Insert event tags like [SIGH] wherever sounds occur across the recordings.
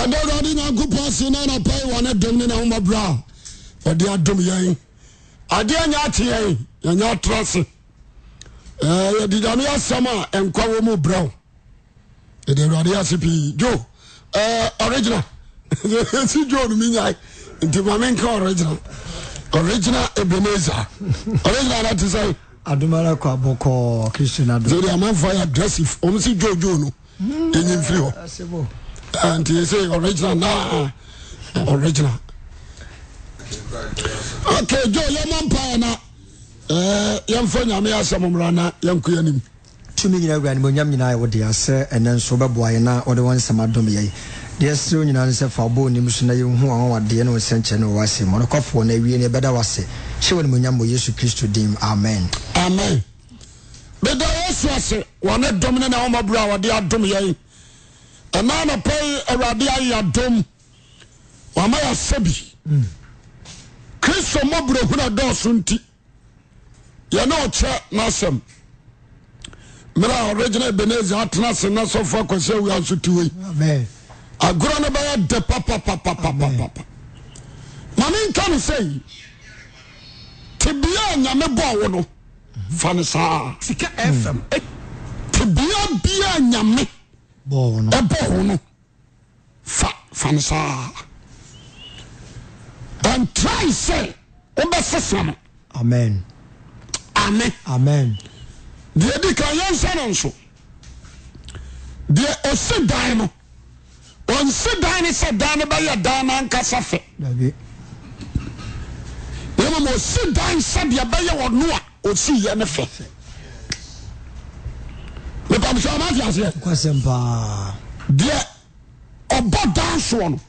yɛda awurade nyankopɔn ase na anapɛi wɔ ne dom ne nahomɔbrɛ a ɔde adom yɛn adeɛ nyɛ akye yɛn yɛnyɛ atra se yɛde asɛm a ɛnkwa wɔ mu brɛ wo yɛde awurade ase pii jo original ɛsi [LAUGHS] jo no menyae nti ma menka original original ebeneza original na te sɛ adomara kɔ abɔkɔɔ kristian adom sɛde amanfa yɛ aggressive ɔm jojo no hmm. ɛnyimfiri hɔ And he say original na original Okay, Joe, your man mpaɛ na Eh, yɛmfa nyame asɛm mmara na yɛnkɔ yɛnim tumi nyina ni nimonyam nyinaa ɛwɔ dea se ɛnɛ nso wobɛboa yɛ na wode wɔ nsɛm adom yɛi deɛ serɛ nyinaa no sɛ fa wobɔ nim so na yɛhu awawadeɛ ne wo nsɛnkyɛ ne wɔ ase ma nokɔfoɔ no awie ne beda wase. ase hyɛ wɔ nimonyam wɔ yesu kristo dim amen amen meda wase ase wɔne dom ne na wɔmabura a wɔde adom yɛi ɛna napɛ awurade ayadom wɔama yɛasɛbi mm. kristo mɔ burohuna dɔso nti yɛne ɔ kyeɛ nasɛm merɛ oreginal ibenasi atena se nasɛfo akosɛ awia nso tewei agorɔ no bɛyɛ dɛ papappa mane nka no sɛ te biaa nyame bɔa wono fane saaɛ te bia biaa nyame ɔbɔo no fa fa no sa antrae sɛ wobɛse sa noamn ameamn deɛ ɛdi ka yɛnsɛ no nso deɛ ɔsi dan no ɔn se dan ne sɛ dan no bɛyɛ dan no ankasa fɛ mom ɔsi dan sɛdea bɛyɛ wɔno a ɔsi yɛ ne fɛ deɛ ɔbɔ da soɔ no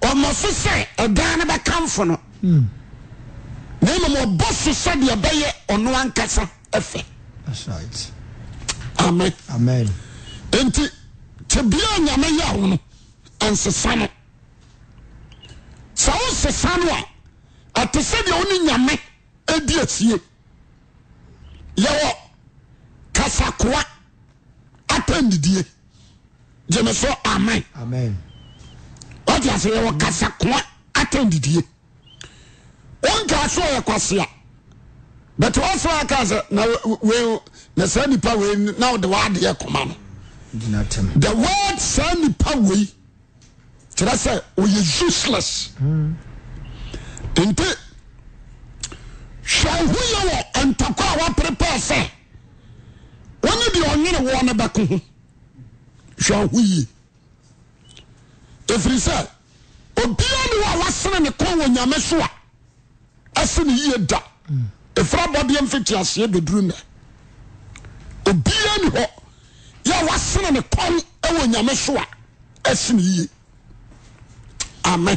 ɔmɔso sɛ ɛdaa no bɛka mfo no hmm. na mmom ɔbɔ se sɛ deɛ bɛyɛ ɔno ankasa fɛ ame nti kɛ biaa nyame yɛ ho no nsesa no sɛ wo sesa no a ɛte sɛdeɛ wone nyame di asie yɛwɔ kasakoa gyeme so ama dasɛyɛwɔkasa koa atnddie nka sɛyɛ kɔsea but wasɛwka sɛ n sa nipa wei nadewadeɛ kɔma no de wa saa nipa weiɛɛyɛsss n hwɛho yɛwɔ ntaka waprepɛɛ sɛ wone deɛ ɔwene wo no bɛko ho hwɛ ho yie ɛfiri sɛ obia ne wɔ a wasene ne kɔn wɔ nyame so a ɛse ne yie da ɛfira bɔdeɛ mfiti aseɛ bɛduru nɛ obia ni hɔ yɛ wasene ne kɔn ɛwɔ nyame so a ɛse ne yie amen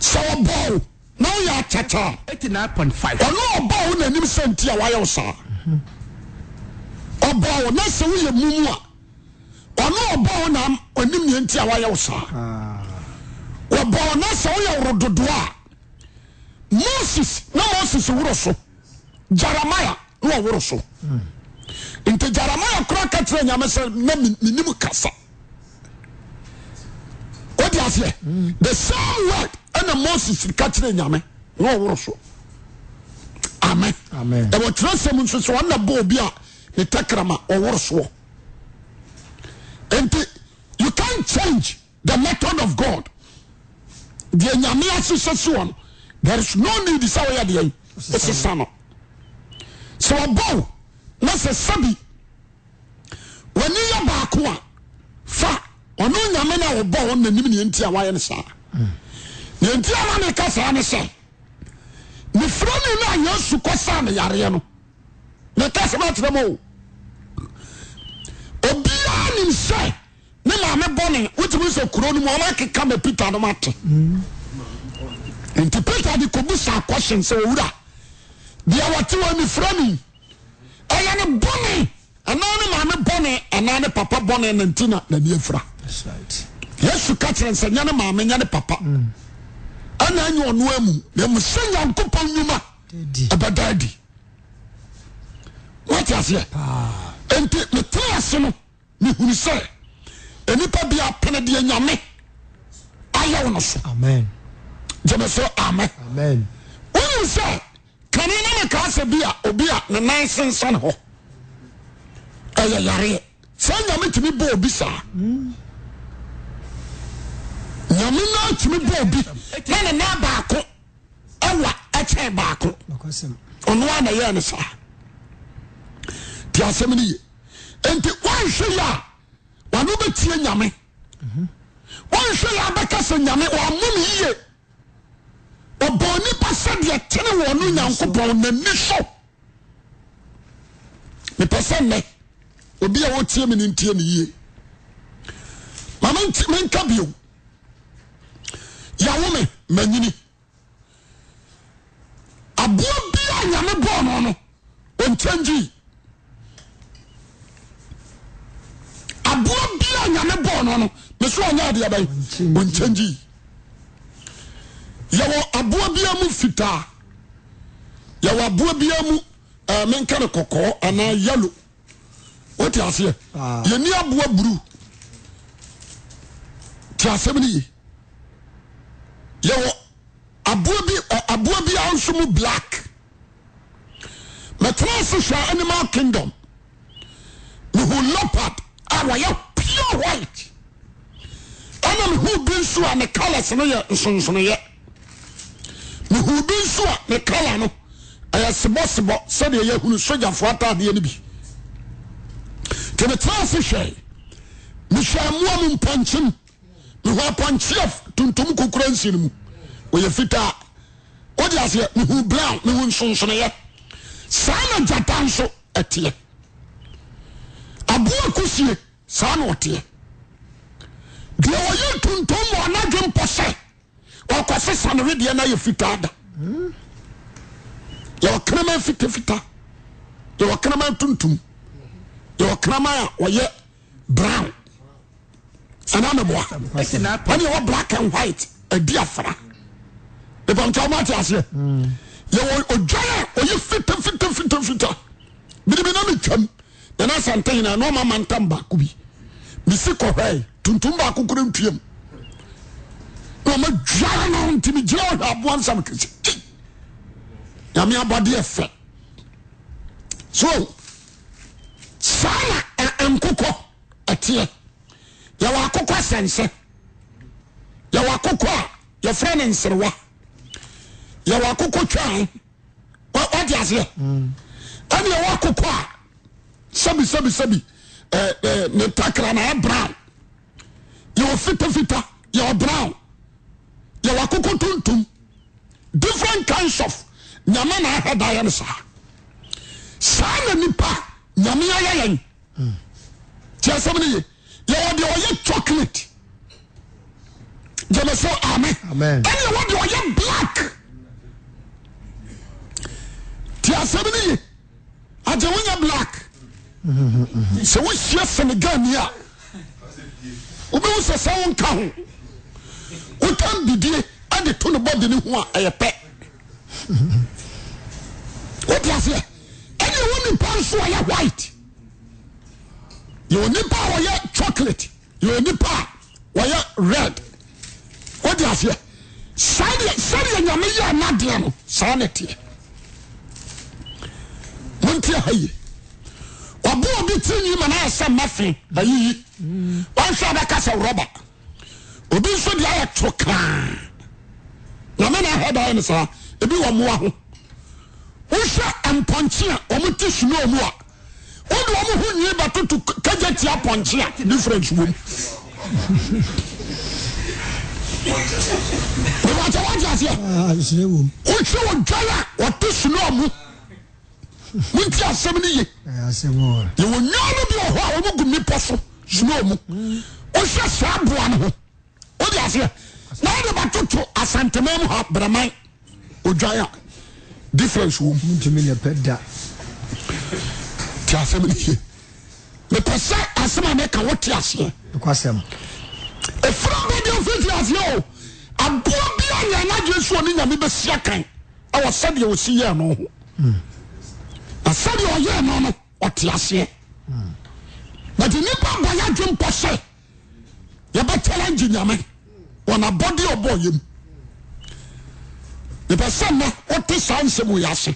sɛ wɔbɔɔ wo na woyɛ akyakyaa ɔne ɔbɔɔ wo n'anim sɛ nti a wayɛ wo saa ɔb na sɛ woyɛ mumu a ɔne ɔbo nam ninantia wyɛ saa b na sɛ woyɛ worododoa moses na moses woro so yeremiarɛnmoses arɛeɛn ne takrama ɔworo soɔ nti you can't change the method of God deɛ nyame asesɛ si wɔ there is no need sɛ wɔyɛ deɛ ɛsesa no sɛ wɔbɔw na sɛ sabi w'ani yɛ baako a fa ɔno nyame no a wɔbɔ wɔn n'anim ne yɛnti a wɔayɛ no saa na yɛnti a wɔn ka saa ne sɛ ne fura ne no a yɛn su kɔ saa ne yareɛ no na ɛka sɛ bɛtwerɛ mu o obiara ni sɛ ne maame bɔne wotumi sɛ kuro no mu ɔma keka ma peter no mate nti peter de kɔbu saa question sɛ owura deɛ wɔte wɔ anifra mi ɛyɛ ne bɔne ɛnaa ne maame bɔne ɛnaa ne papa bɔne ne nti na n'ani afira yesu ka kyerɛ nsɛ nyɛ ne maame nyɛ ne papa mm. ɛna anya ɔno amu na mu sɛ nyankopɔn nnwuma ɛbɛda adi watiaseɛ enti metra se no mehuru sɛ ɛnipa bia penedeɛ nyame ayɛ wo no so yamɛ sɛ amɛ wonim sɛ kane na nekaasa bi a obi a nenansensane hɔ ɛyɛ yareɛ sɛa nyame tumi bɔɔbi saa nyame na kumi bɔɔbi ne ne na baako ɛwa ɛkyɛe baako ɔnoaanayɛa ne saa ti asɛm no ye enti wonhwɛ ya a wane wobɛtie nyame wonhwɛ yɛ abɛka sɛ nyame wɔamom yie ɔbɔ nipa sɛdeɛ tene wɔ no nyankopɔn n'ani so mepɛ sɛ nnɛ obi a wɔtie me no ntie ne yie ma menka bio yàwó mi mẹnyini aboa bi a nyame bọọ no no o n change aboa bia yame bɔɔnno mesonyadeaba nkyanyi yɛwɔ aboa bia mu fitaa yɛwɔ aboa bia mumenkne eh, kɔkɔɔ anayalo ɛyeni ah. aboa bru tiasɛmine ye yɛw eh, aboa bia nso mu black metraseswɛ animal kingdom eholopad wɔyɛ pi hi ana nehobe nsu a ne kala se no yɛ nsonsonoyɛ ehobens a ne kala no ɛseɔseɔɛuoaasɛ ehwɛ moape hopneɛ sooɛ saa na gyaanso ɛ aboa kosie saa na ɔteɛ deɛɔyɛ tuntom mɔ nadwe mpɔ sɛ kɔ se saneredeɛ na yɛ fita da yɛaafa yraaayɛ bron ananeoa aneɛwɔblack whi adafra ɛfnein ann nn amantambakobi misi kɔhwɛi tuntum ba akokora mpam nma duare no ntimegyira hwɛ aboa nsamekɛs nyame bɔdeɛ fɛ so saa na ankokɔ ɛteɛ yɛwɔ akokɔ sɛnsɛ yɛw kok a yɛfrɛ ne nserewa yɛw kokɔ twaa wdeaseɛ mm. ɛne yɛwɔ kokɔ a sabisabsɛbi etaklanyabr eh, eh, yɛwɔfitafita yɛɔbr yɛwɔkok tontom different kinds of nyame naahɛdayɛne saa saa nanipa yame yɛyɛ tiasɛmine ye yɛwɔde ɔyɛ choclate yɛmɛsɛ ame ɛn yɛwɔde ɔyɛ black tiasɛmine ye aye woya black sɛ wohyia senegani a wobɛwu sɛ sɛ wo nka ho wotam bidie ade to ne bɔde ne ho a ɛyɛ pɛ wote aseɛ ɛne ɛwɔ nipa nso a white yɛwɔ nipa a wɔyɛ chocolate yɛwɔ nipa a wɔyɛ red wote aseɛ sɛdeɛ nyame yɛ nadeɛ no saa ne teɛ monteɛ ha yie tyanɛsɛmfe y ɛ bɛkasa roba obi nso de ayɛ to ka namɛndan saa bimowah woɛ mpka neo aia pnka ne frenc wm monti asɛm no ye yɛwɔ nwa no bi wɔ hɔ a wɔmu gu mmepɔ so snow mu wohwɛ mm. saa boa no ho wode aseɛ na wode batoto asantema mu ha braman odwan a difference wɔ mu ti asɛm no ye mepɛ sɛ asɛm a mɛka wote aseɛ ɛfra bɛde ɔfiti aseɛ o aboa bia nyɛ anagye so ɔ ne nyame bɛsia kan ɛwɔ sɛdeɛ wɔsi yɛɛ no ho mm. sɛdeɛ ɔyɛ nono ɔte aseɛ but nipa bɔyɛ dempɔ sɛ yɛbɛtaa nge nyame nbɔde bɔyam pɛ sɛna wote saa nsɛm yɛase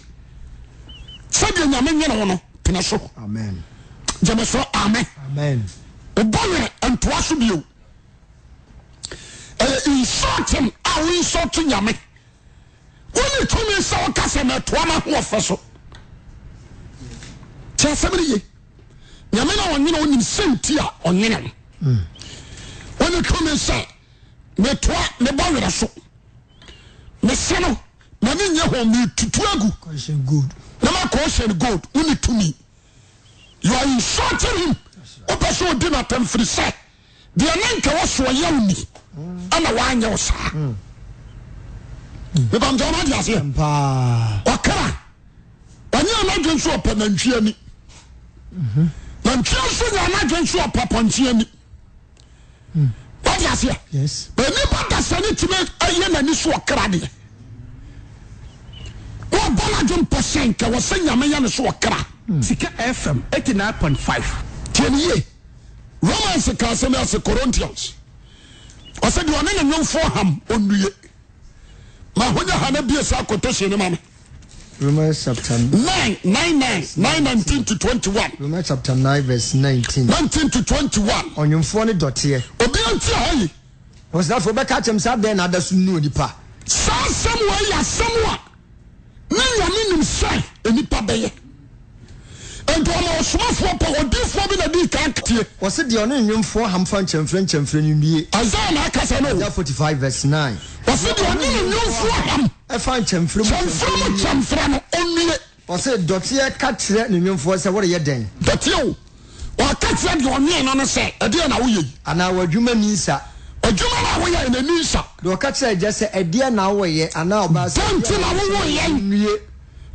sɛdɛ nyame yenewono tene so yamɛ so amɛ obo yerɛ ntoa so bio nsɛten awo nso to nyame wone tomi sɛ wokasɛ matoa ma hoɔfɛ so asɛmi re ye nyame no ɔyena oyim sɛnti a ɔnyena mo wone tmi sɛ metoa mebɔ werɛ so mese no mane yɛ hɔ metutuagu namakɔ ɔsyan goad wo ne tumi yoa insarter wopɛ sɛodenoatamfiri sɛ deɛ nenkɛ wo sɔyɛ ni hmm. ana wanyɛ o saas ra e noadwsoɔpanantuani na ntwere so na anadwe nso ɔpɔpɔnkye ani wadi aseɛ nipa dasani tumi ayi n'ani so ɔkra deɛ wɔba n'adwe mpɔsɛn kɛ wɔsɛ nyame yɛ ne so ɔkra. sika fm eighty nine point five. tiɛni ye romans kan sɛ mi ase corinthians ɔsɛ deɛ ɔne ne nyɔnfo ham onue ma ahonya ha na bie saa kotosi ne ma Romans chapter 9, 9, 9, 9, 19 to 21. Romans chapter 9, verse 19. 19 to 21. Ɔnyomfoɔ dot dɔteɛ. Obi a nti hɔ yi. Ɔsafo bɛka kyɛm saa bɛn na adaso nu onipa. Saa asɛm wɔ yɛ asɛm a ne nyame nim sɛ enipa bɛyɛ. Nti ɔno ɔsomafoɔ pɔ odiifoɔ bi na di kan tie. Wɔsi deɛ ɔne nyomfoɔ hamfa nkyɛnfrɛ nkyɛnfrɛ ni nwie. Isaiah na akasa no. Isaiah forty five verse nine. Wɔsi deɛ ɔne nyomfoɔ ham ɛfa nkyɛnfiri mu kyɛnfiri mu kyɛnfiri mu onue. ɔsɛ dɔteɛ ka kyerɛ ne nwomfoɔ sɛ wɔreyɛ dɛn. dɔteɛ o ɔka kyerɛ deɛ ɔnwee no no sɛ ɛdeɛ na woyɛ yi. anaa w'adwuma ni nsa. adwuma na woyɛ yɛ n'ani nsa. deɛ ɔka kyerɛ gya sɛ ɛdeɛ na woyɛ anaa ɔbaa sɛ. dɛnti na wowɔ yɛ nue.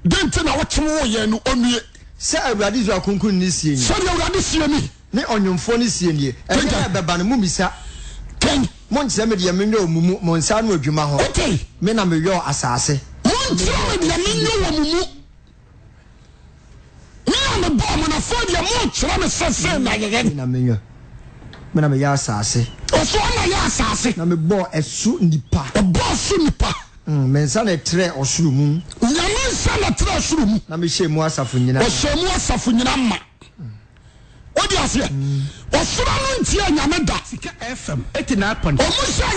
dɛnti na wɔkye wowɔ yɛ no onue. sɛ awurade zu akunkun ni sie ni. sɛdeɛ awurade sie ni. ne ɔnwomfoɔ ni sie ni. ɛdeɛ bɛba no mu misa. kɛn mo n kyerɛ mi deɛ mi nyɛ omumu mo nsa no adwuma ho mi na mi yɔ asaase. mo n kyerɛ mi deɛ mi nyɛ omumu mi na mi bɔ ɔmo na fo deɛ mo kyerɛ mi sɛsɛ na yɛyɛ. mi na mi yɔ mi na mi yɛ asaase. osu ɔna yɛ asaase. na mi bɔ ɛsu nipa. ɔbɔ ɛsu nipa. mɛ mm, nsa na ɛtrɛ ɔsoro mu. nyame nsa na ɛtrɛ ɔsoro mu. na mi hyɛ mu asafo nyinaa. ɔhyɛ wodi ase ɔsora no ntia nyame daomusoa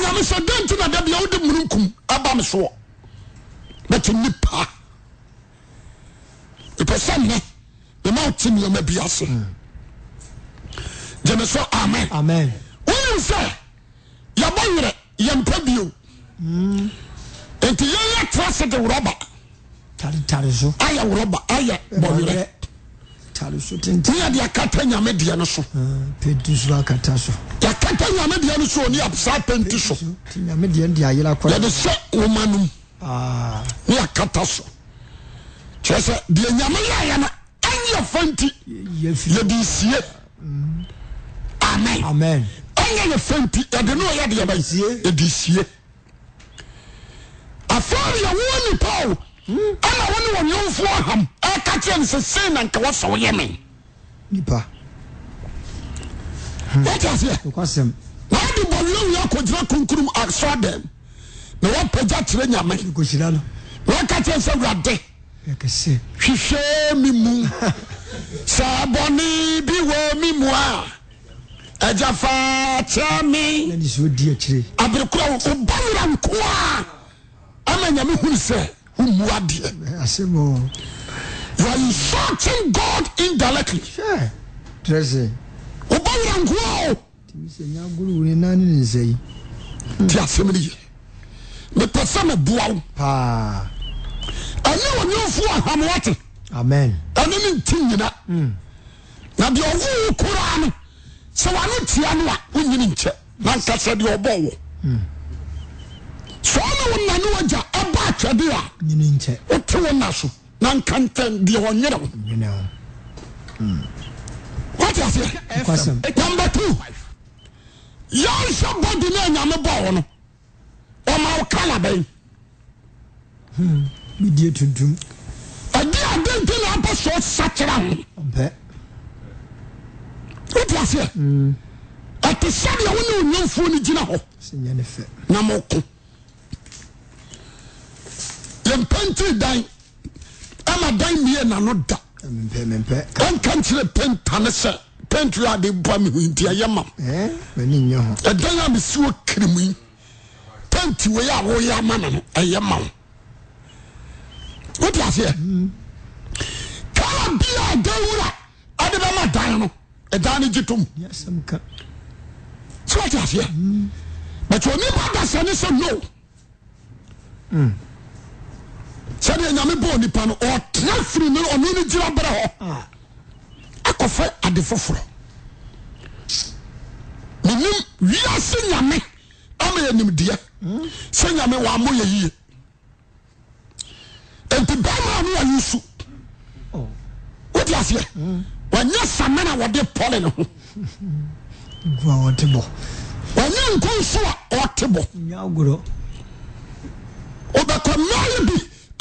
nyame sɛ dentina dabia wode murokum abame soɔ betonipa pɛ sanne bema otemeama bi ase hmm. yeme so amen wonem sɛ yɛbɔ werɛ yɛmpa bio hmm. nti yɛyɛ terase de worba ayɛ wrba ayɛ bɔwerɛ ntiɛde akata nyame no so yɛakata ah, no so ɔne apsaa pɛnti sɛ woma nom ah. ne yɛkata so kyerɛ sɛ deɛ nyame yɛyɛ no ɛnyɛ fa nti yɛde sie mm. amen ɛnyɛ yɛ fa nti yɛde ne ɔyɛdeɛ ɛna wo ne wɔ nyɔnfoɔ ham ɛka kyerɛ no sɛ sei na nka wɔfa woyɛ me nipa wɛtaseɛ wade bɔnlɛwi akɔgyina konkurum asɔ dɛm na wɔpagya kyerɛ nyame na wɔka kyerɛ sɛ wurade hwehwɛ me mu sɛ [LAUGHS] bɔne bi wɔ me mu a agya faa kyerɛ me aberekora wobawura nko a ama nyame hunu sɛ wúmu adìẹ. you are insulting God indirectly. o bá wúra nkú o. tí a sẹ́mi nìyí nípa sẹ́mi buwa o. ẹni wọ̀nyí fún ahamuwati. amen. ẹni ní ti nyina. Hmm. na deɛ ɔwúwo kura ano sɛ wà á ní tia no a wọ́n nyini nkyɛn nankasa deɛ ɔbɔ wọ. Mm sɛ ɔne wo nane wagya ɛba atwɛde a wote wo na so na nka ntɛn deɛ ɔnyere wo wate hmm. aseɛ number two yɛnhwɛ bɔde no anyame bɔɔ wo no ɔma wo kala bɛn hmm. medie tuntum ɛde ade nti na apɛ sɛ ɔsakyera ho wote aseɛ hmm. ɛte sɛdeɛ wo ne onyamfuo no gyina hɔ na moko yɛmpɛnti dan ama dan mie na no da ɛnka nkyerɛ pentane sɛ pentry ade boa me ho nti ɛyɛ ma ɛdan a mesi wɔ kirimu yi penti wei a woyɛ ama me no ɛyɛ ma wo wote aseɛ kaa bia adan wura ade bɛma dan no ɛdan no gye tom sɛ wote aseɛ mm. bɛtɛ onipa da sɛne sɛ no mm sɛdeɛ nyame bɔɔ nipa no ɔtra firi no ɔno no gyira berɛ hɔ akɔfɛ ade foforɔ menim wiase nyame ama yɛnimdeɛ sɛ nyame wɔamɔ yɛ yie enti bɛma no wayi su wode aseɛ wanyɛ samana wɔde pɔle ne ho wanyɛ nko nso a ɔte bɔ wobɛkɔ mmaayɛ bi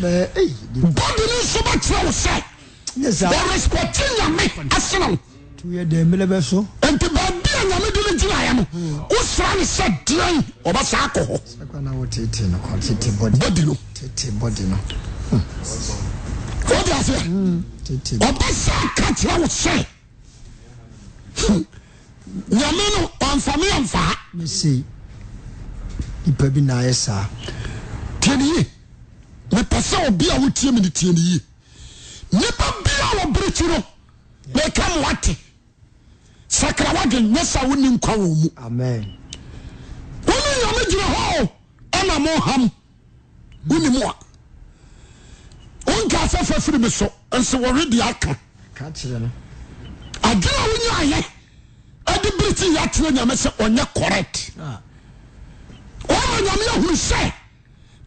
bɔdi ni nso bɛ kyerɛ wo sɛ bɛrɛsipɔti nyame asena wo nti baabi a nyame de ne gyina yɛ no wo sra ne sɛ deɛn ɔba saa kɔ hɔ bɔdi no wọ́n di ase ọba sá kàtìrà hmm, wò sẹ́ hmm. nyàmé no ọ̀nfàmì ọ̀nfà. mi se ipa bi na ayẹ sá. tiẹ̀ nìyí. mepɛ obi a wotie me ne tie ne yie nipa bia wɔ berekyi no meka mo wate sakra wadwen nyɛ sa wonni nkwa wɔ mu wone nyame gyina hɔ ɛna ham woni mu a wonka sɛ fa firi me so nso wɔrede aka adwene a wonyaayɛ ɛde nyame sɛ ɔnyɛ correct ah. ɔma nyame sɛ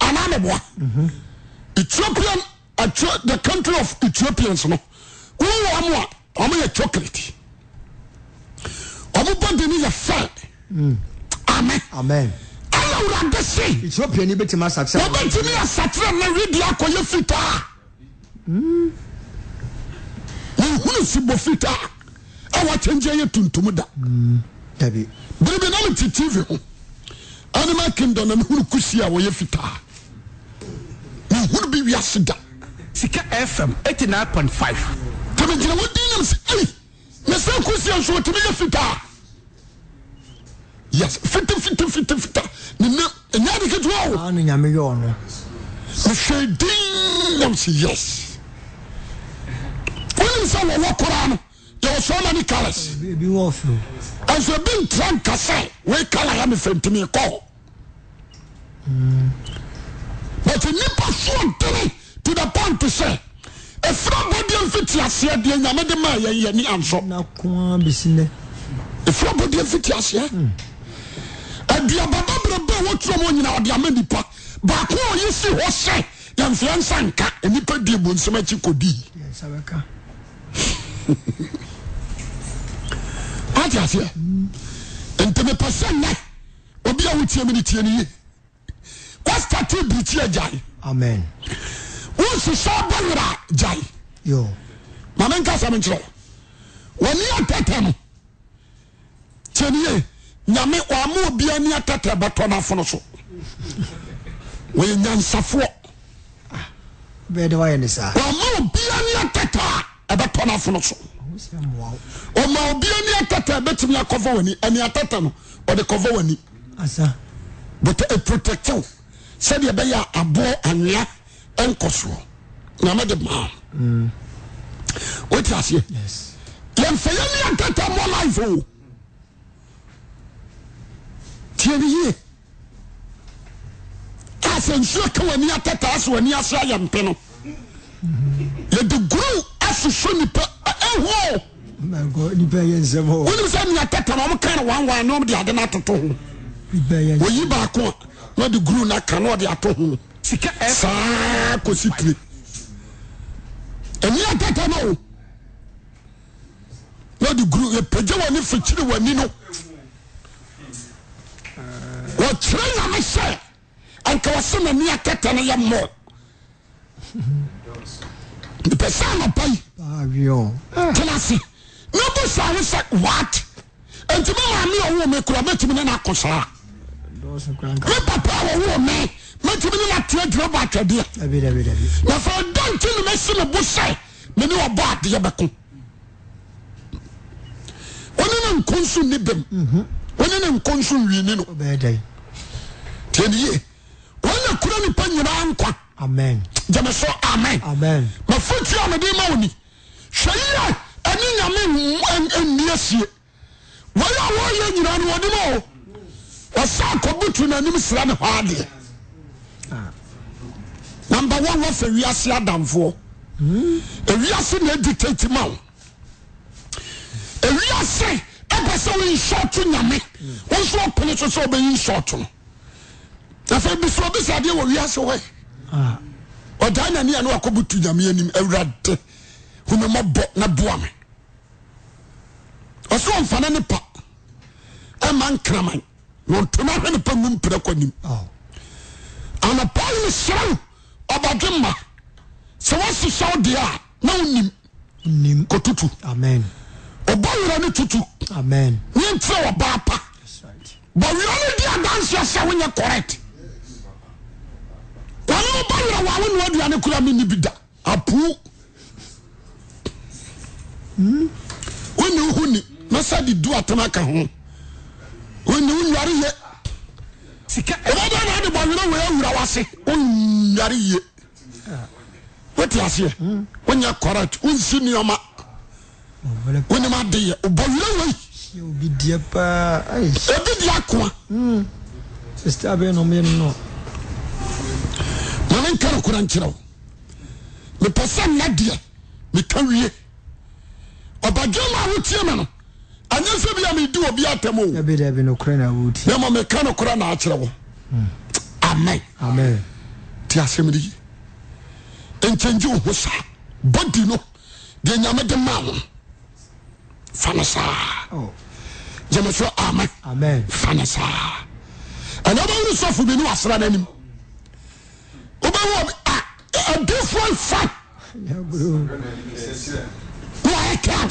anboa epianthe county of ethiopians n e wa myɛ choclaty ɔmobnyɛ fai wrdsbɛtmi ɛsakyerɛn redlak ɔyɛ fitaa huu sibɔ fitaa ɛwgyayɛ da berebin ttv h anndnmsyɛftaa hnbewsedaska fm 89.5 tmina wodi namse mesekosinstemiye fitea fitfff deetess ye ene se wowo kra n yws nane kales ns bintrankase ekalea mefentmik but nnipa soɔ dene to the point to say, sɛ ɛfira bɔdeɛ mfiti aseɛ deɛ nyame de maa yɛn yɛni ansɔ ɛfira bɔdeɛ mfiti aseɛ aduababa berɛ bɛ wɔturo mu nyina ɔde ama nipa baako a ɔyi si hɔ sɛ yɛmfeɛ nsa nka nipa die mu nsɛm akyi kɔdii ate aseɛ nti mepɛ sɛ nnɛ obi a wotie me no tie no yie wastate britie yai osesa bawera ya mnksamkyerɛ neaata n knie yamain nfns yɛyansafomainataaa bɛtnfns ininndnuprotecti sɛdeɛ ɛbɛyɛ a aboɔ ɛnkɔ soɔ maa mm. aseɛ yɛmfa yɛntata mmɔ life o tie yie a nsuo ka w'ani atata aso w'ani ase ayɛ mpe no mm-hmm. yɛde guru asosɔ nipa ɛho wonim sɛ neatata no ɔmka ne wanwan ne ɔmde ade no atoto ho à baako a na ɔde guru na ka na ɔde ato ho sika ɛf saa kɔsi tire ɛni atata na o na ɔde guru epagya wɔ ne fikyiri wɔ ni no wɔkyerɛ nyame sɛ anka wɔsɛ na ni atata no yɛ mmɔ nipɛ sɛ anapa yi tena ase na ɔbɔ saa ne sɛ wat nti mɛ maame ɔwɔ me kura mɛtumi ne na akɔ saa papa wɔwo me mɛtumi ne matea dwuma bɔ atwadeɛ na fa ɔda nti ne mɛsi me bo sɛ mene ɔbɔ adeɛ bɛko ɔne ne nko nso nni bem ɔne ne nko nso nwiini no tiɛniye ɔne kura nipa nyinaa nkwa gyeme so amen mafotua mede ma wo ni hwɛ yia ɛne nyame nni asie wɔyɛ a wɔyɛ nyinaa no wɔde ma o wɔsa akɔbutu n'anim sira ne hɔ adeɛ namba one wɔfɛ wiase adamfoɔ ewiase na edi tete ma o ewiase ɛpɛ sɛ oyin sɔɔto nyame wɔn nso ɔpene so sɛ ɔbɛyin sɔɔto no afɛ bi so obi sɛ adeɛ wɔ wiase hɔ ɔdan na nea no akɔbutu nyame anim awurade humema bɔ na boa me ɔsoro ne pa ɛma nkraman. npan sere bade ma sɛ woseseo dea na oni ko obawer ne tutu metere obapa bwn didansɛ se woye orec neerwwondn mnib daap wonehon mesɛ de duatem ka ho oare ye omadnde bo wer wei awura wa se oare ye we tiasee wonye korewonsi ne oma wenem adeyɛ obo werweiobidia akoa mane nkaro kora nkyerɛo mepɛ se nna dee meka wie oba joma no tie meno ayese bia medio bitememomeka no kora nakerewo ame tiasemreye nkangi oho sa bodi no dee yame de mao fanesaa yemeso ama fanesa anbanu so fo beniasera nenim obeadefre fa ca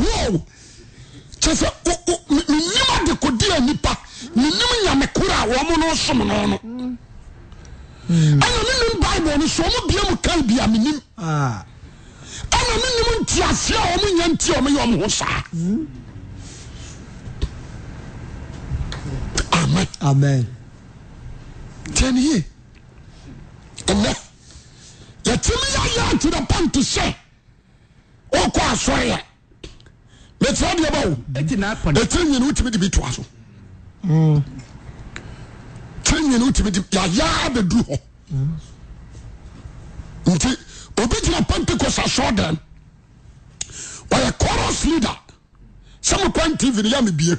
ho kyɛ sɛ menim ade kodea nnipa menim nyame koro a wɔ mo no som no no hmm. ɛna menim bible no so ɔmo bia mu kae bia menim ah. ɛna menim ntiaseɛ a ɔmo nya nti ɔmo yɛ ɔmo ho saa hmm. amen amen tiɛne yie ɛnɛ yɛtumi yɛayɛ to the point sɛ wɔkɔ asɔreɛ metera deɛ baoɛtiɛnyine wotimi debi toa so mm. tiinyinewotimide yɛya badur h nti obi gina pentecost ashord n yɛ coros leader sɛmupoin tv no yɛmebie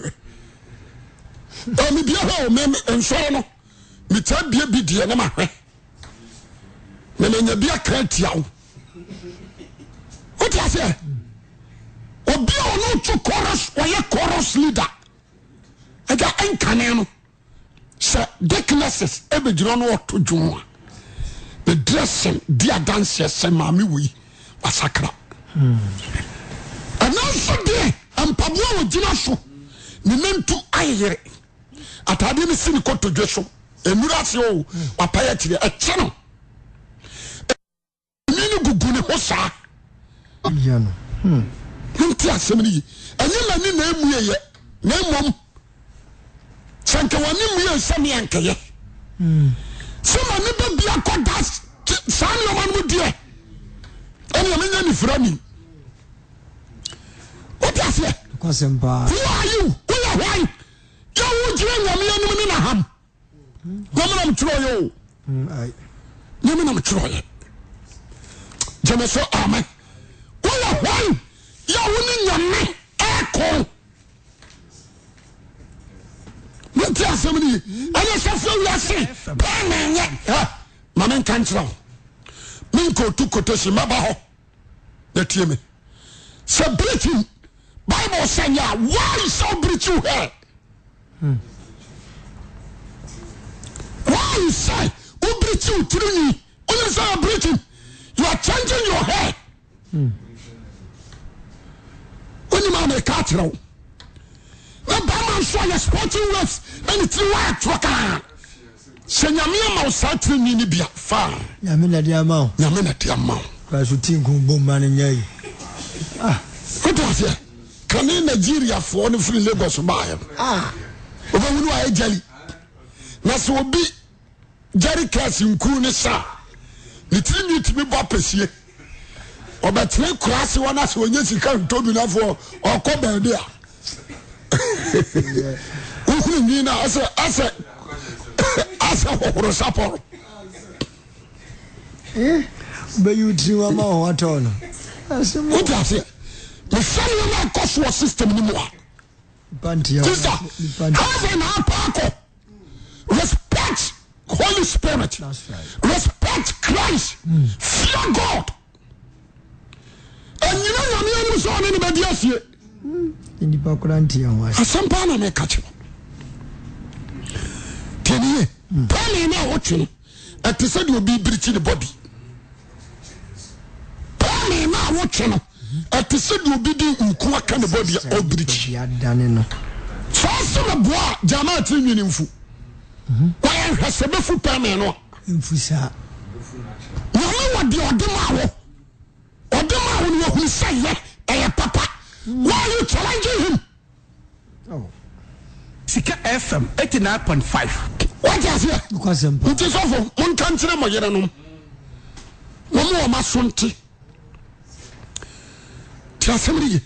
h mebie h nsɔre no meta bia bideɛ nemahwɛ nemenya bia ka tia wo wotasɛ obi a ɔno to chorus ɔyɛ chorus leader ɛgya ɛnkane no sɛ dicknesses ɛbɛgyina no ɔto dwom a bɛdrɛsen di adanseɛ sɛ maame wei wasakra ɛnanso deɛ mpaboa a ɔgyina so ne nantu ayere atadeɛ no si ne kɔtodwe so ɛnuru aseɛ o wapayɛ kyerɛ ɛkyɛ no ɛni no gugu ne ho saa monte asɛm no yi ɛnyɛ mani na ɛmueyɛ na mmom sɛ nkɛ wɔne muyɛ sɛmeɛ nkɛyɛ sɛ ma ne ba bia kɔda saa nneɔma no mu deɛ ɛnea menya nifira ni wote aseɛ woayo woyɛ hwan yɛwo gyina nyameɛ nom ne naham wɔmenam twerɛyɛ o ne mm, menam twerɛyɛ gyeme so amen woyɛ hwan yowone yame ɛko menti asɛmi nee aye sefu wia se penewe mamenkankerao menkaoto kotesi maba ho natieme sɛ britain bible seyea wa sa wobrikio ha wa sai wobirikio terinyi onemsaa britain youare changing your har nim a meka kyerɛ wo na bɛrima nso a yɛ sporting waves ɛne tiri wa atorɔ kaa sɛ nyame ama wo saa tiri ni no bia faa nyame na de ama wo nyame na de ama wo kwaso ti nkunbom ma no nyɛ yi wote aseɛ kane nigeriafoɔ no firi lagos baayɛ no wobɛhunu ayɛ gyali na sɛ obi gyari kas nkuu ne saa ne tiri nwi tumi bɔ apɛsie ɔbɛtene kurase wɔ no sɛ ɔnyɛ sika ntɔbinafoɔ ɔkɔ baabi a wohunu nwi no asɛ asɛ asɛ hohoro sapɔro bɛyi wotiri wama wɔ watɔ no wote aseɛ mehwɛ no no akɔ soɔ system no mu a sista hafɛ na apaakɔ respect holy spirit respect christ hmm. fear god ayina namea nom sɛ ɔne ne bɛde aseɛasampa anameɛka km n pae no awsɛdebrine bb ae no awontsɛdebde nkuakane bɔbry saa sɛ bɛboa a jamaa tee wine mfu hwɛ sɛbɛfu pami noad ɔhu sɛ yɛ ɛyɛ papa why are you challenging him. Oh. sika fm eighty nine point five. wájú àfẹ́ ntí sọ́fọ̀ mo ń kánkyeré mọ̀ yẹrẹ nù wọ́n mu wọ́n ma so ntí tí a sẹ́mi yìí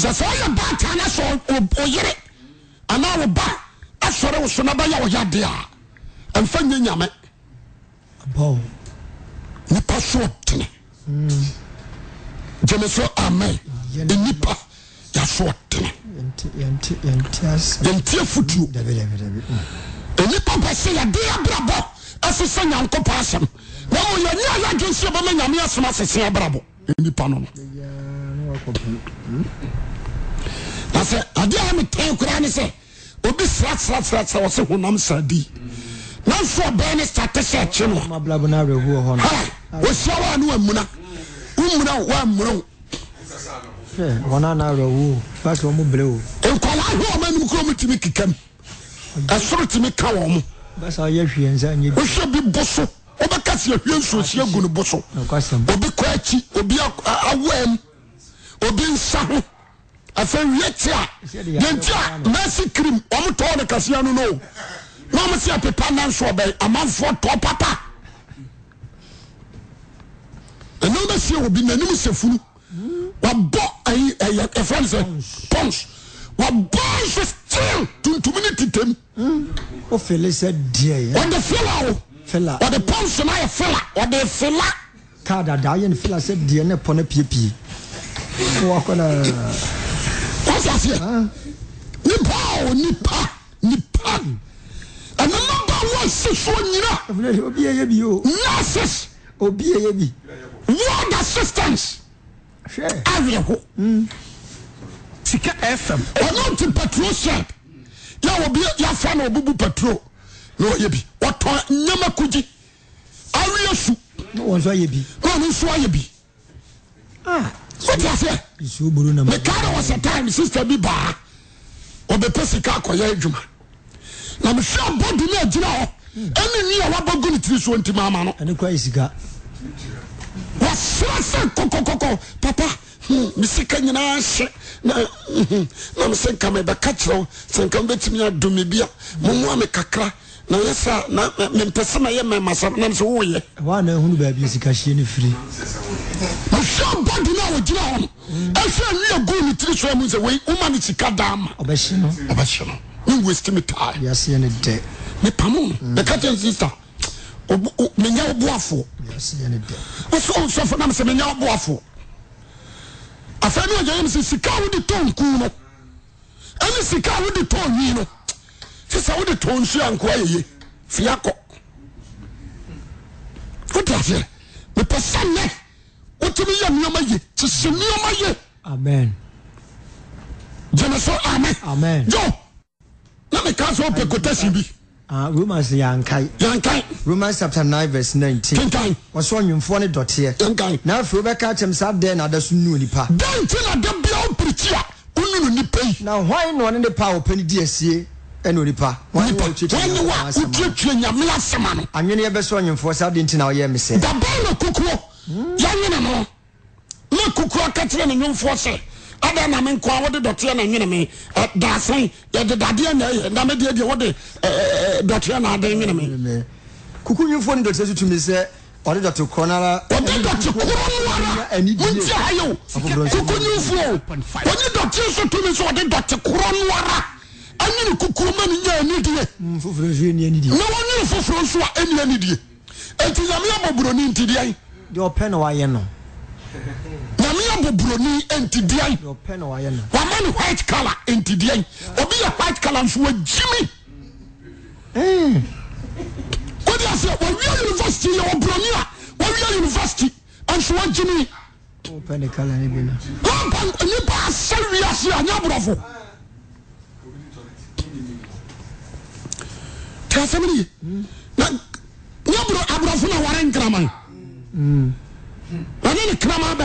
sọ̀sọ̀ ọ̀yẹ̀ bá ta náà sọ ọ̀yẹrẹ anaa wọ́n bá asọ̀rọ̀ wọ́n sọ̀nà bá yà wọ́n yà dé a nfa nye nyame. nípa sọ̀tìnì. geme so ama nipa yɛsoɔ tere yɛntia fotuo ɛnipa pɛ sɛ yɛde abrabɔ ase sɛ nyankopɔn asɛm na myɛnyaayɔ agensiaboma nyameɛ som asesea brabɔ np n na sɛ adeɛ aametɛ koraa ne sɛ obi srasrarara ɔse honam saadi nansoɔbɛɛ ne sate sɛ ɛke noha ɔasia waa ne wammuna wúmúra wà múra o. wọn náà náà rọ wo báṣọ wọn bẹrẹ o. nkọlá ahọ́ ọmọ ẹni kúrò mu tìmí kìkẹ́ mu ẹ̀sọ́rọ̀ tìmí ká wọ́n mu. báṣọ ayé hwiẹ́ nsá nyé bi. o ṣe bi bọ́ so o bẹ kasi ehwie nsuo si egu ne obi kọ́ ẹ̀kí obi awọ́ ẹ̀ mu obi nsa ho afẹ́ wiye tí a yẹn tí a mẹ́sì kiri ọmọ tọ́ ọ ní kasiya nínú o wọ́n mu si àpèpá náà nsọ̀ bẹ́ẹ̀ àmàfọ́ tọ́ pápá ɛnam bɛ fie obi n'anim sɛ funu wabɔ ayi ɛyɛ ɛfɛ no sɛ pons wabɔ nso still tuntum ne titam. o fele sɛ diɛ yɛ. ɔde fela o. fela ɔde pons na yɛ fela ɔde fela. kaa dada ayɛ ne fela sɛ diɛ ne pɔnɛ piepie. wa kɔnɔ. wasa seɛ nipa o nipa nipa ɛnana ba wa sisi o nyina. nurses obi yɛ bi wọ́n da systems ho mm. sika fm ɔno ti petro shed yà obi yàfa na obubu petro na ɔyɛ bi ɔtɔ nyama kudi awia su na ɔno nso ayɛ bi na ɔno nso ayɛ bi ah. wọ́n ti ase mekaara wɔ sɛ time sista bi baa ɔbɛpɛ sika akɔyɛ adwuma na mehwɛ abɔdu no agyina hɔ mm. ɛne nni a wabɔ gu ne tiri so nti maama no ɛne kora yɛ wɔfra sɛ kokokoko papa hmm, mesika nyinaa hye na hmm, hmm, mesɛ nka mebɛka kyerɛ sɛ nka mobɛtumi adome bi momoa me kakra na yɛ sa na mempɛ sɛ na yɛ mɛmasam nam sɛ woyɛ wanahunu baabi sikahyeɛ no firi mahwɛ bɔde no a wɔgyina hɔ no ɛhwɛ nwia go ne tiri so mu sɛ wei woma no sika daa ma ɔbɛhye no ɔbɛhye no ne me time yɛaseɛ ne dɛ mepamo no mɛka kyɛ sister menyɛ oh, wo wosɛ ɔnsɔfo nam sɛ menyɛ wo afei ne ɔgyayam sɛ sika wode tɔ nku no ɛne sika wode tɔ nwi no sɛ sɛ wode tɔ nsu a nkoa yɛye fia kɔ wote aseɛ mepɛ sɛ nɛ wotumi yɛ nneɔma ye kyesɛ nneɔma ye amen gyeme so amen jo na meka sɛ wopɛ kotasi bi Uh, ah, Romans yankai. Yankai. Romans chapter 9, verse nineteen. Yankai. Wɔsɔ ɔnyinfoɔ ne dɔteɛ. Yankai. N'afɛ bɛka kyɛm saa dɛn na adaso nu nipa. Dɛn ti na dɛn bi a ɔpirikyi a ɔnunu nipa yi. Na hwan na ɔne ne pa a ɔpɛ ne di esie ɛna onipa. Nipa wɔn ni wa wotuatua nyame asema no. Anwene yɛ bɛsɔ ɔnyinfoɔ saa de nti na ɔyɛ misɛ. Dabaa na kukuo. Hmm. Yanwene no. Ne kukuo kakyire ne nyɔnfoɔ sɛ ada na me nkoa wode dɔteɛ na nwene me daasen yɛde dadeɛ na ɛyɛ na medeɛ deɛ wode dɔteɛ na ade nwene me kuku nyimfoɔ ne dɔteɛ so tumi sɛ ɔde dɔte korɔ no ara ɔde dɔte korɔ no ara monti ha yɛo kuku nyimfoɔ ɔne dɔteɛ so tumi sɛ ɔde dɔte korɔ no ara ɛnyene kukuruma no mm, nyɛ anidie na wɔnyene foforɔ nso a ɛni anidie ɛnti nyame abɔburoni ntideɛn deɛ ɔpɛ na wayɛ no wama buroni ntidian wama man white color ntidian obi yɛ white color nso hmm. a wode asɛ on university a university nso wagyimi nipa a borɔfo on, hmm. a ni hmm. na borɔ aborɔfo na nkraman ne kraman bɛ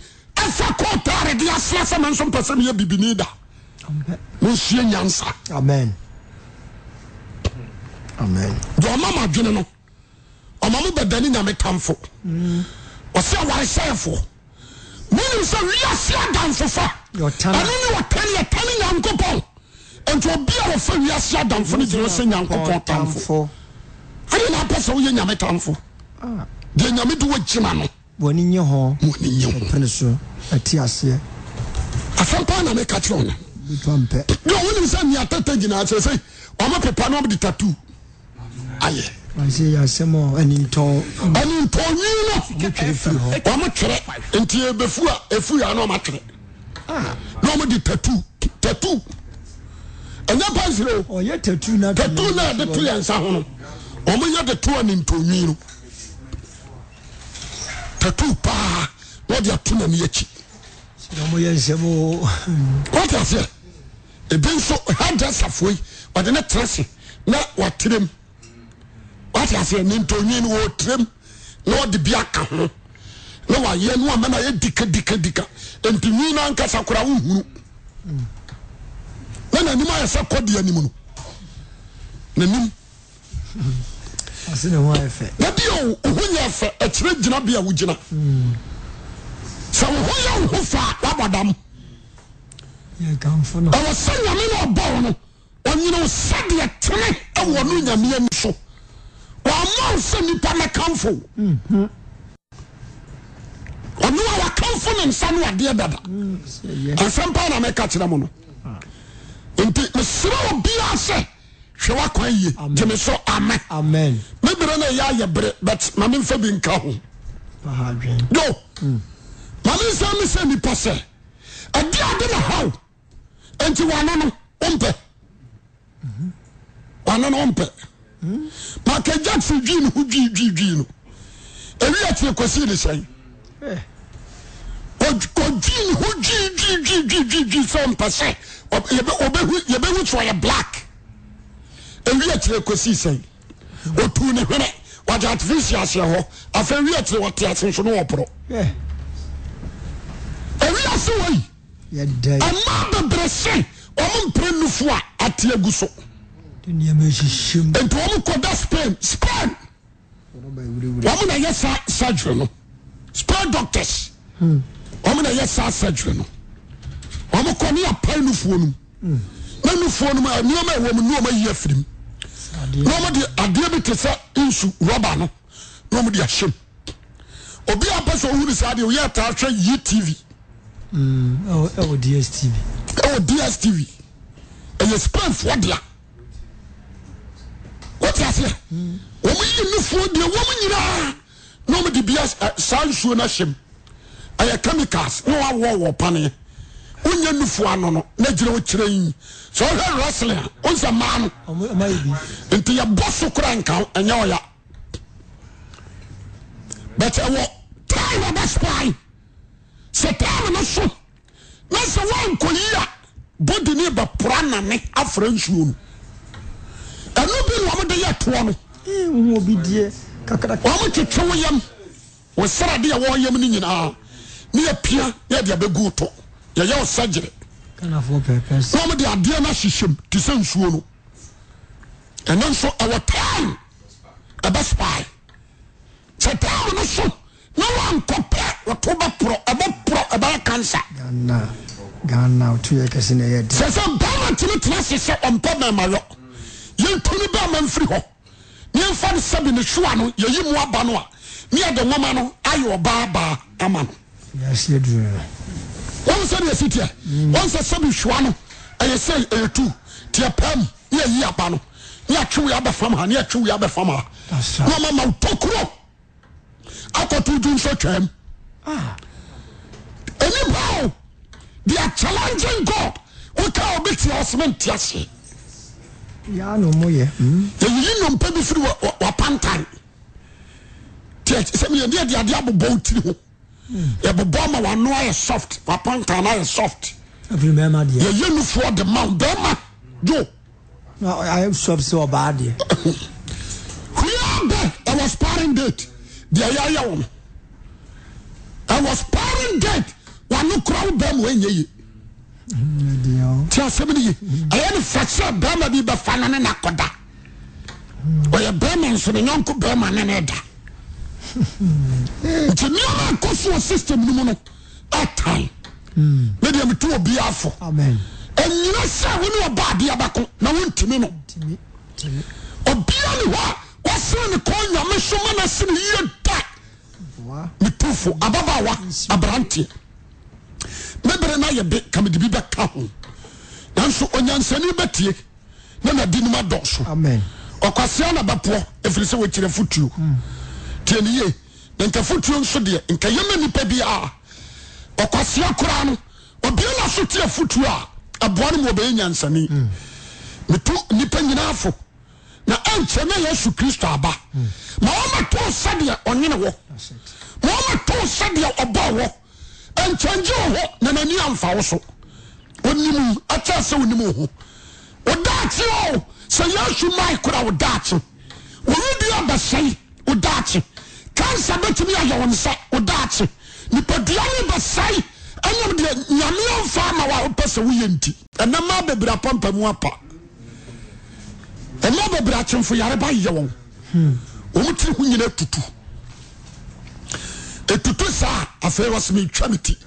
ɛmfa kɔɔtaare de aseɛ sɛ me nso mpɛ sɛ meyɛ bibini da monsua nyansa amen amen deɛ ɔma ma adwene no ɔma mo bɛdani nyame tamfo mm. ɔsɛ awaresɛefoɔ monim sɛ wiase adamfofa ɛno ne wɔtane yɛtane nyankopɔn nti obi a wɔfa wiase adamfo no gyina sɛ nyankopɔn tamfo ɛne na apɛ sɛ nyame tamfo ah. deɛ nyame de wɔgyina no w'ani nyɛ hɔ ɛpene so ɛte aseɛ asɛmpa na meka kyerɛ no mpɛ wonim sɛ neatata gyinaa kyerɛ sɛ ɔma pepa no ɔmde un ayɛ ase yɛasɛm anintɔ anintɔ no ɔmo twerɛ nti ɛbɛfu a ɛfu na ɔmatwerɛ na de to tatu paa wɔde ato na ni akyi. sinamu yɛ nsɛm o. wɔte aseɛ ebi nso hairdresserfoɔ yi wɔde ne tẹrɛsi na wɔtirem wɔte aseɛ ne ntonyin no wɔtirem na wɔde bi aka ho na wɔayɛ no ama na yɛ dika dika dika ntinyin na nkasa koraa nhuru na n'anim ayɛ sɛ kɔdi anim no n'anim na deɛ oho nyɛ fɛ akyerɛ gyina bia wogyina sɛ wo ho yɛ wo ho faa woabɔdam ɛwɔ sɛ nyame no ɔbɔ wo no ɔnyina wo sɛdeɛ tene ɛwɔ no nyameɛ mu so wɔama wo sɛ nnipa mɛkamfo wo mhm. ɔno a wakamfo ne nsa no adeɛ dada asɛm pa na mɛka kyerɛ mu no ah. nti mesrɛ obiaa sɛ hwyes mnyɛyeafaikah pansa m sɛ nipasɛ iden ha nti wnafo dn ho no ksisɛnho eh. ɛɛhu black ewi akyire kosi sɛn otu ne hwene wagye artificial ahyɛ hɔ afei ewi akyire wɔte ase nso ne wɔporɔ ewi ase wɔ yi ɛmaa bebree sɛn mpere nufu a ate egu so nti wɔn kɔ da Spain Spain wɔn na yɛ saa surgery no Spain doctors wɔn hmm. na yɛ saa surgery no wɔn kɔ ne yɛ nufuo no mu hmm. na nufuo no mu a nneɛma ɛwɔ mu nneɛma yi afirim na ɔmo de adeɛ bi te sɛ nsu rɔba no na ɔmo de ahyɛm obi apɛ sɛ ohun saa deɛ oyɛ taa hwɛ yi tv. Mm, ɛwɔ dstv. ɛwɔ dstv ɛyɛ spain fo dea wɔte aseɛ mm. wɔn yi nufuo deɛ wɔn nyinaa na wɔn de bia saa nsuo no ahyɛm ɛyɛ chemicals na wɔawɔ wɔ paneɛ. oya nfankɛsna niyɛ so yɛya butw tnbɛ s sɛ tameno so nesɛ wonkɔyi a bodenpra nanefa nson bndeyɛ tnmotetwe eh, wo yam osaradeɛwyamno yinaa eyɛpa ɛdeɛt yɛyɛ wo sɛ gyere na ɔmde adeɛ no ahyehyɛm te sɛ nsuo no ɛno nso ɛwɔ time ɛbɛsoae sɛ time no so na wankɔpɛ wɔto bɛporɔ ɛbɛporɔ ɛbɛyɛ kansa sɛ sɛ bama tene tena se sɛ ɔmpɛ mamayɔ yɛntu no bɛma mfiri hɔ ne yɛmfa no sɛbi ne soa no yɛyi mu aba no a ne yɛde nwoma no ayɛ ɔbaabaa ama no on sɛ ne asiteɛ ɛn sɛ sɛmihua no ɛyɛ sɛ aɛtu teɛ pam ne yi aba e twɛ ɛfaɛfane mama tokro akɔto dwu nsɛ twa m ɛnipao de achalengin god woka ɔbɛtia ɔsomɛ nteaseɛynyɛ yɛyɛyi nompɛ bifiri wpantan sɛmiyɛeɛ de adeɛ abobɔ tiri ho yɛbobɔ ma woano ayɛ soft fapontanayɛ softyɛyɛ nufoɔ de ma bɛma mm, o hbɛ iwas parin dat de yɛyɛwom was paren dat wno korawo bama ayɛye nti asɛm neye ɛyɛne fɛsɛ barma bi bɛfanane naɔda mm. yɛ barme nson ynko bama neneda nkyɛ me ana cosmal system no mu no ata hmm. medemetoɔ biafo yina sɛ wone ɔbadeabak nawontimi no bia nehɔ a wsenene kɔyamesomansene yda me tfo ababawa abranteɛ mebere noayɛbe kamdibi bɛ ka ho nanso ɔyansane bɛ tie na nadinomadɔso ɔkwaseɛnabpɔ ɛfiri sɛ wkyerɛ fotuo hmm. tniye denka fotuo nso deɛ nkayɛma nipa bi ɛ kisto aa sɛde e ɛ oak kansa bɛtumi ayɛ wo nsa wo daakye nipadua ne bɛsae ɛnyam deɛ nyame ɔmfa ama wo a wopɛ sɛ woyɛ nti ɛnɛ ma bebre apampamu apa ɛma bebre akyemfo yare yɛ wɔn wɔn tiri ho nyina tutu etutu saa afei wɔsɛ metwa me ti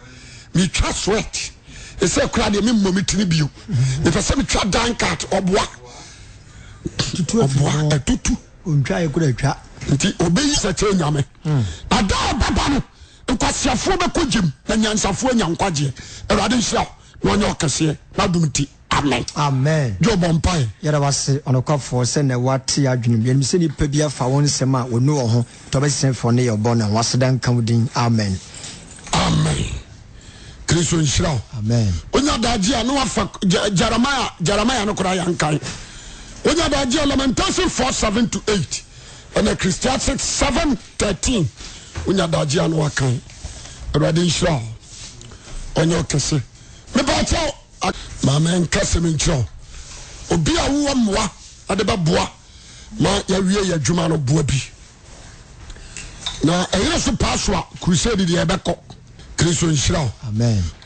metwa sweat ɛsɛ kora deɛ memmɔ me tiri bio mepɛ sɛ metwa dankart ɔboa ɔboa ɛtutu ontwa yɛ kura twa. nti obeyi sɛkyɛ nyame hmm. ada ɔbaba no nkwasiafoɔ bɛkɔ gyem na nyansafoɔ nya nkwagyeɛ awurade nhyira na ɔnyɛ ɔkɛseɛ nadom ti amen amen job ɔmpae yɛrɛ wase ɔnokwafoɔ sɛ na wate adwene bianim sɛ nipa bi afa wo nsɛm a ɔnu wɔ ho tɔbɛsesenfoɔ ne yɛbɔ na waseda nka wo din amen amen kristo nhyira amen onya daagye a na wafa jeremia jeremia wonya de agye elementation four seven to eight Christian christianity seven thirteen wonya de agye ano akan awurade nhyira o ɔnyɛ ɔkɛse mepaakyɛ maame nkasɛ me nkyerɛ obi a wowɔ mmoa ade bɛboa ma yɛawie yɛ adwuma no boa bi na ɛyere so paa so a crusade deɛ ɛbɛkɔ kristo nhyira o